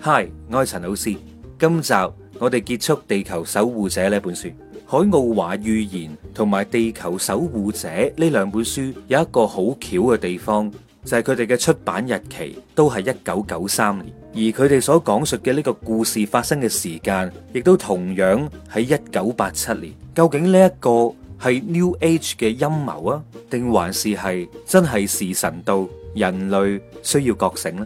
嗨，Hi，我係陳老師。今集我哋結束《地球守護者》呢本書，《海奧華預言》同埋《地球守護者》呢兩本書有一個好巧嘅地方，就係佢哋嘅出版日期都係一九九三年，而佢哋所講述嘅呢個故事發生嘅時間，亦都同樣喺一九八七年。究竟呢一個係 New Age 嘅陰謀啊，定還是係真係時辰到，人類需要覺醒呢？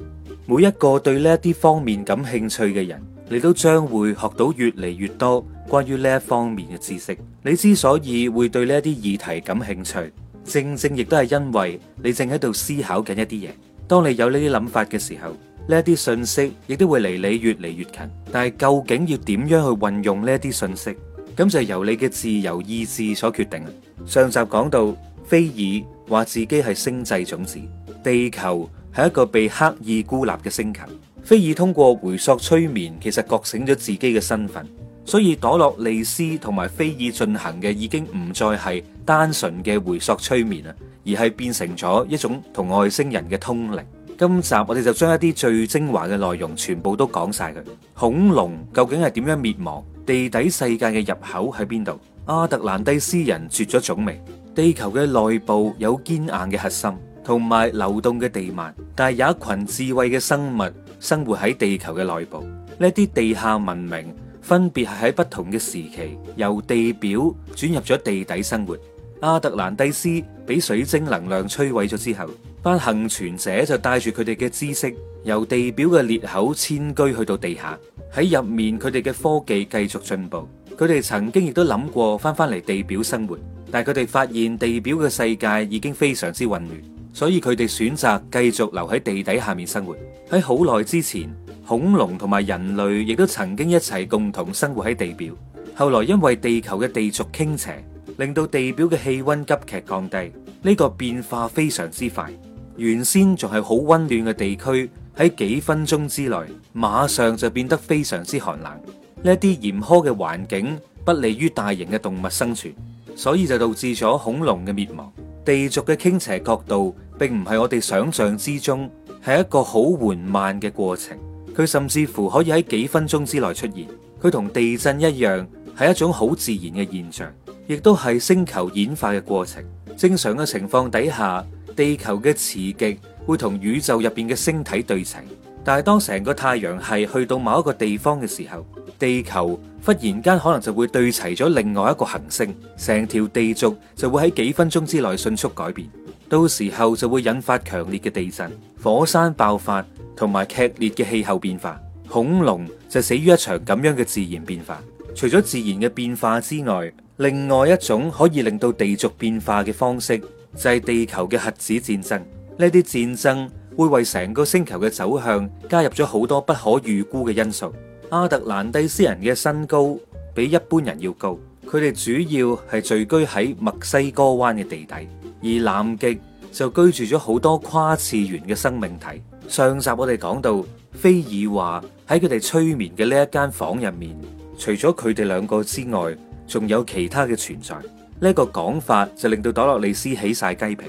每一個對呢一啲方面感興趣嘅人，你都將會學到越嚟越多關於呢一方面嘅知識。你之所以會對呢一啲議題感興趣，正正亦都係因為你正喺度思考緊一啲嘢。當你有呢啲諗法嘅時候，呢一啲信息亦都會離你越嚟越近。但係究竟要點樣去運用呢一啲信息，咁就由你嘅自由意志所決定啦。上集講到菲爾話自己係星際種子，地球，係一個被刻意孤立嘅星球。菲爾通過回溯催眠，其實覺醒咗自己嘅身份。所以朵洛利斯同埋菲爾進行嘅已經唔再係單純嘅回溯催眠啦，而係變成咗一種同外星人嘅通靈。今集我哋就將一啲最精華嘅內容全部都講晒佢。恐龍究竟係點樣滅亡？地底世界嘅入口喺邊度？阿特蘭蒂斯人絕咗種未？地球嘅內部有堅硬嘅核心？同埋流動嘅地幔，但係有一群智慧嘅生物生活喺地球嘅內部。呢一啲地下文明分別係喺不同嘅時期由地表轉入咗地底生活。亞特蘭蒂斯俾水晶能量摧毀咗之後，班幸存者就帶住佢哋嘅知識由地表嘅裂口遷居去到地下。喺入面，佢哋嘅科技繼續進步。佢哋曾經亦都諗過返返嚟地表生活，但係佢哋發現地表嘅世界已經非常之混亂。所以佢哋選擇繼續留喺地底下面生活。喺好耐之前，恐龍同埋人類亦都曾經一齊共同生活喺地表。後來因為地球嘅地軸傾斜，令到地表嘅氣溫急劇降低。呢個變化非常之快，原先仲係好溫暖嘅地區，喺幾分鐘之內，馬上就變得非常之寒冷。呢啲嚴苛嘅環境，不利於大型嘅動物生存，所以就導致咗恐龍嘅滅亡。地軸嘅傾斜角度，並唔係我哋想象之中，係一個好緩慢嘅過程。佢甚至乎可以喺幾分鐘之內出現。佢同地震一樣，係一種好自然嘅現象，亦都係星球演化嘅過程。正常嘅情況底下，地球嘅磁極會同宇宙入邊嘅星體對齊。但係當成個太陽系去到某一個地方嘅時候，地球忽然間可能就會對齊咗另外一個行星，成條地軸就會喺幾分鐘之內迅速改變。到時候就會引發強烈嘅地震、火山爆發同埋劇烈嘅氣候變化。恐龍就死於一場咁樣嘅自然變化。除咗自然嘅變化之外，另外一種可以令到地軸變化嘅方式，就係地球嘅核子戰爭。呢啲戰爭會為成個星球嘅走向加入咗好多不可預估嘅因素。阿特蘭蒂斯人嘅身高比一般人要高，佢哋主要係聚居喺墨西哥灣嘅地底。而南極就居住咗好多跨次元嘅生命體。上集我哋講到，菲爾話喺佢哋催眠嘅呢一間房入面，除咗佢哋兩個之外，仲有其他嘅存在。呢一個講法就令到朵洛里斯起晒雞皮。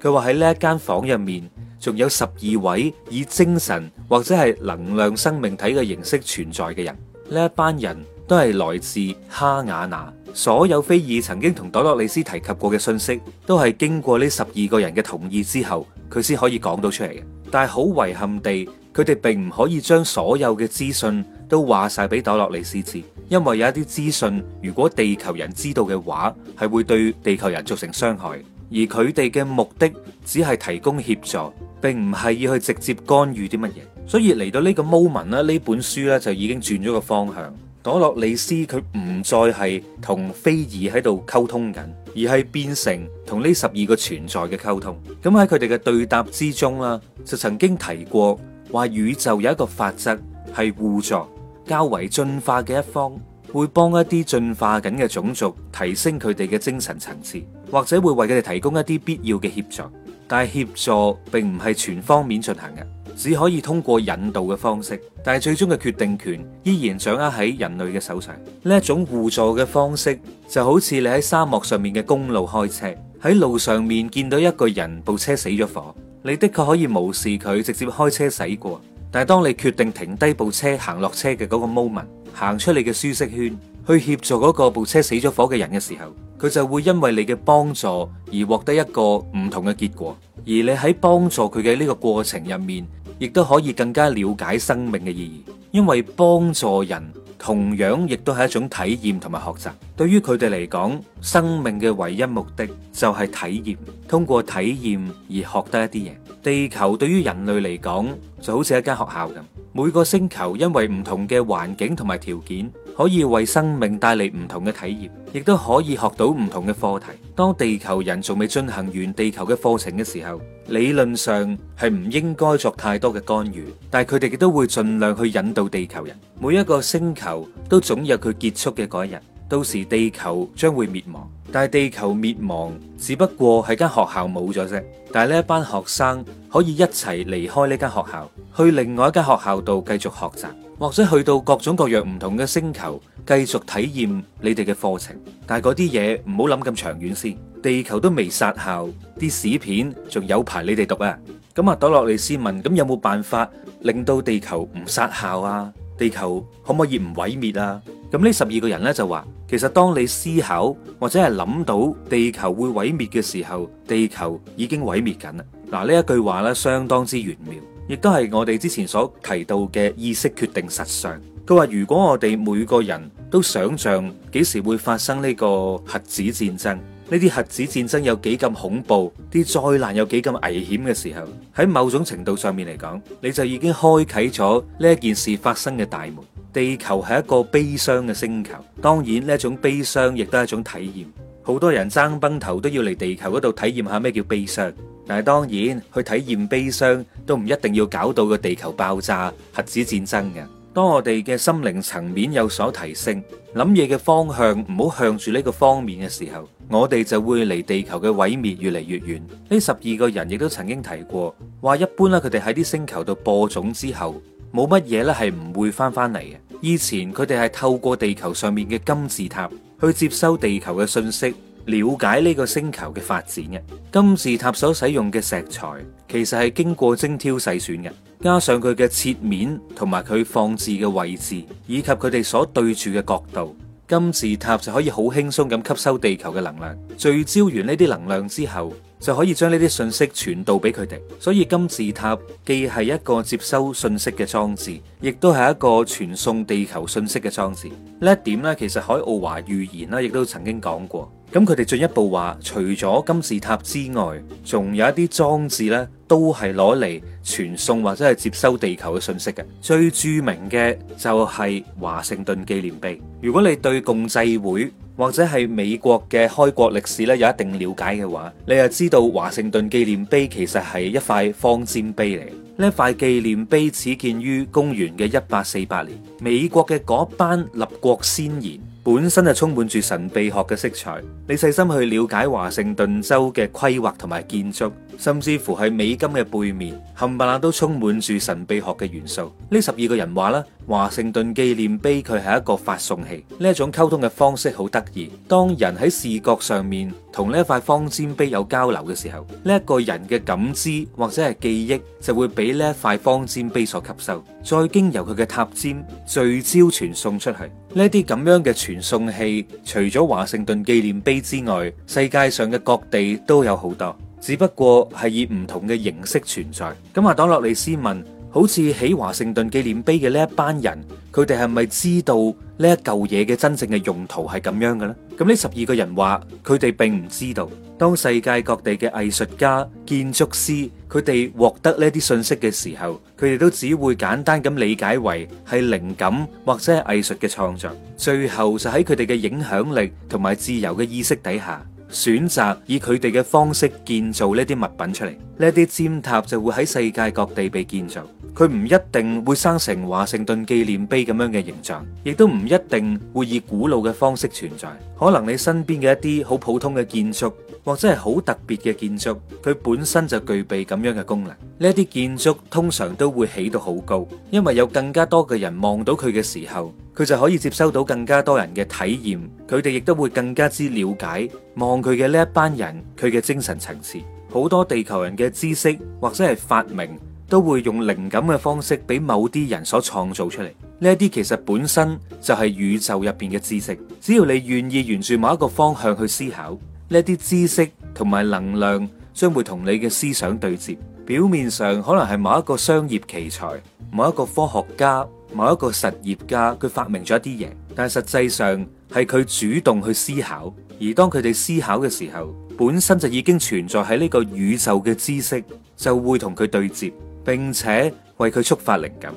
佢話喺呢一間房入面，仲有十二位以精神或者係能量生命體嘅形式存在嘅人。呢一班人都係來自哈瓦那。所有菲爾曾經同朵洛里斯提及過嘅信息，都係經過呢十二個人嘅同意之後，佢先可以講到出嚟嘅。但係好遺憾地，佢哋並唔可以將所有嘅資訊都話晒俾朵洛里斯知，因為有一啲資訊如果地球人知道嘅話，係會對地球人造成傷害。而佢哋嘅目的只係提供協助，並唔係要去直接干預啲乜嘢。所以嚟到呢個 moment，呢本書咧就已經轉咗個方向。朵洛里斯佢唔再係同菲爾喺度溝通緊，而係變成同呢十二個存在嘅溝通。咁喺佢哋嘅對答之中啦，就曾經提過話宇宙有一個法則係互助，較為進化嘅一方會幫一啲進化緊嘅種族提升佢哋嘅精神層次，或者會為佢哋提供一啲必要嘅協助。但係協助並唔係全方面進行嘅。只可以通過引導嘅方式，但係最終嘅決定權依然掌握喺人類嘅手上。呢一種互助嘅方式就好似你喺沙漠上面嘅公路開車，喺路上面見到一個人部車死咗火，你的確可以無視佢，直接開車駛過。但係當你決定停低部車行落車嘅嗰個 moment，行出你嘅舒適圈去協助嗰個部車死咗火嘅人嘅時候，佢就會因為你嘅幫助而獲得一個唔同嘅結果。而你喺幫助佢嘅呢個過程入面。亦都可以更加了解生命嘅意義，因為幫助人同樣亦都係一種體驗同埋學習。對於佢哋嚟講，生命嘅唯一目的就係體驗，通過體驗而學得一啲嘢。地球對於人類嚟講，就好似一間學校咁，每個星球因為唔同嘅環境同埋條件。可以為生命帶嚟唔同嘅體驗，亦都可以學到唔同嘅課題。當地球人仲未進行完地球嘅課程嘅時候，理論上係唔應該作太多嘅干預。但係佢哋亦都會盡量去引導地球人。每一個星球都總有佢結束嘅嗰一日。到時地球將會滅亡，但係地球滅亡只不過係間學校冇咗啫。但係呢一班學生可以一齊離開呢間學校，去另外一間學校度繼續學習，或者去到各種各樣唔同嘅星球繼續體驗你哋嘅課程。但係嗰啲嘢唔好諗咁長遠先，地球都未殺校，啲屎片仲有排你哋讀啊。咁、嗯、啊，朵洛利斯問：咁有冇辦法令到地球唔殺校啊？地球可唔可以唔毀滅啊？咁呢十二個人咧，就話，其實當你思考或者係諗到地球會毀滅嘅時候，地球已經毀滅緊啦。嗱，呢一句話咧，相當之玄妙，亦都係我哋之前所提到嘅意識決定實相。佢話如果我哋每個人都想象幾時會發生呢個核子戰爭，呢啲核子戰爭有幾咁恐怖，啲災難有幾咁危險嘅時候，喺某種程度上面嚟講，你就已經開啟咗呢一件事發生嘅大門。地球係一個悲傷嘅星球，當然呢一種悲傷亦都係一種體驗。好多人爭崩頭都要嚟地球嗰度體驗下咩叫悲傷。但係當然去體驗悲傷都唔一定要搞到個地球爆炸，核子戰爭嘅。當我哋嘅心靈層面有所提升，諗嘢嘅方向唔好向住呢個方面嘅時候，我哋就會離地球嘅毀滅越嚟越遠。呢十二個人亦都曾經提過，話一般咧，佢哋喺啲星球度播種之後，冇乜嘢咧係唔會返返嚟嘅。以前佢哋係透過地球上面嘅金字塔去接收地球嘅信息，了解呢個星球嘅發展嘅。金字塔所使用嘅石材其實係經過精挑細選嘅，加上佢嘅切面同埋佢放置嘅位置，以及佢哋所對住嘅角度，金字塔就可以好輕鬆咁吸收地球嘅能量。聚焦完呢啲能量之後。就可以將呢啲信息傳導俾佢哋，所以金字塔既係一個接收信息嘅裝置，亦都係一個傳送地球信息嘅裝置。呢一點咧，其實海奧華預言咧，亦都曾經講過。咁佢哋進一步話，除咗金字塔之外，仲有一啲裝置呢都係攞嚟傳送或者係接收地球嘅信息嘅。最著名嘅就係華盛頓紀念碑。如果你對共濟會或者係美國嘅開國歷史咧有一定了解嘅話，你又知道華盛頓紀念碑其實係一塊方尖碑嚟。呢塊紀念碑始建於公元嘅一八四八年。美國嘅嗰班立國先賢本身係充滿住神秘學嘅色彩。你細心去了解華盛頓州嘅規劃同埋建築，甚至乎喺美金嘅背面，冚唪唥都充滿住神秘學嘅元素。呢十二個人話啦。華盛頓紀念碑佢係一個發送器，呢一種溝通嘅方式好得意。當人喺視覺上面同呢一塊方尖碑有交流嘅時候，呢一個人嘅感知或者係記憶就會俾呢一塊方尖碑所吸收，再經由佢嘅塔尖聚焦傳送出去。呢啲咁樣嘅傳送器，除咗華盛頓紀念碑之外，世界上嘅各地都有好多，只不過係以唔同嘅形式存在。咁阿當洛里斯問。好似喺華盛頓紀念碑嘅呢一班人，佢哋係咪知道呢一舊嘢嘅真正嘅用途係咁樣嘅咧？咁呢十二個人話，佢哋並唔知道。當世界各地嘅藝術家、建築師，佢哋獲得呢啲信息嘅時候，佢哋都只會簡單咁理解為係靈感或者係藝術嘅創作。最後就喺佢哋嘅影響力同埋自由嘅意識底下，選擇以佢哋嘅方式建造呢啲物品出嚟，呢啲尖塔就會喺世界各地被建造。佢唔一定會生成華盛頓紀念碑咁樣嘅形象，亦都唔一定會以古老嘅方式存在。可能你身邊嘅一啲好普通嘅建築，或者係好特別嘅建築，佢本身就具備咁樣嘅功能。呢啲建築通常都會起到好高，因為有更加多嘅人望到佢嘅時候，佢就可以接收到更加多人嘅體驗。佢哋亦都會更加之了解望佢嘅呢一班人，佢嘅精神層次。好多地球人嘅知識，或者係發明，都會用靈感的方式畀某些人所創造出來。這些其實本身就是宇宙入面的知識。只要你願意沿住某一個方向去思考，這些知識和能量將會同你的思想對接。表面上可能是某一個商業奇才，某一個科學家，某一個實業家，它發明了一啲嘢。但實際上，是它主動去思考。而當它們思考的時候，本身就已經存在在這個宇宙的知識，就會同它對接。並且為佢觸發靈感。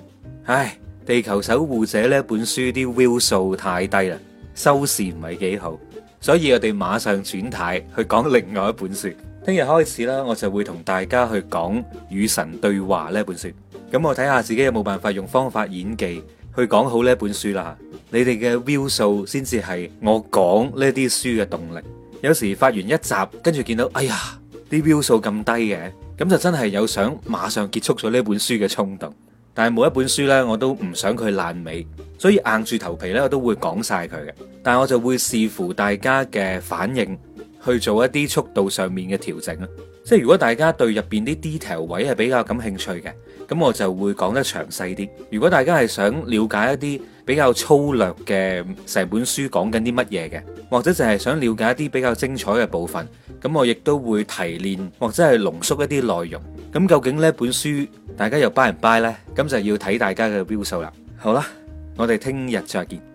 唉，地球守護者呢本書啲 view 數太低啦，收視唔係幾好，所以我哋馬上轉態去講另外一本書。聽日開始啦，我就會同大家去講與神對話呢本書。咁我睇下自己有冇辦法用方法演技去講好呢本書啦。你哋嘅 view 數先至係我講呢啲書嘅動力。有時發完一集，跟住見到，哎呀，啲 view 數咁低嘅。咁就真係有想馬上結束咗呢本書嘅衝動，但係每一本書呢，我都唔想佢爛尾，所以硬住頭皮呢，我都會講晒佢嘅。但係我就會視乎大家嘅反應，去做一啲速度上面嘅調整啦。即係如果大家對入邊啲 detail 位係比較感興趣嘅，咁我就會講得詳細啲。如果大家係想了解一啲，比較粗略嘅成本書講緊啲乜嘢嘅，或者就係想了解一啲比較精彩嘅部分，咁我亦都會提煉或者係濃縮一啲內容。咁究竟呢一本書大家又 buy 唔 buy 呢？咁就要睇大家嘅標數啦。好啦，我哋聽日再見。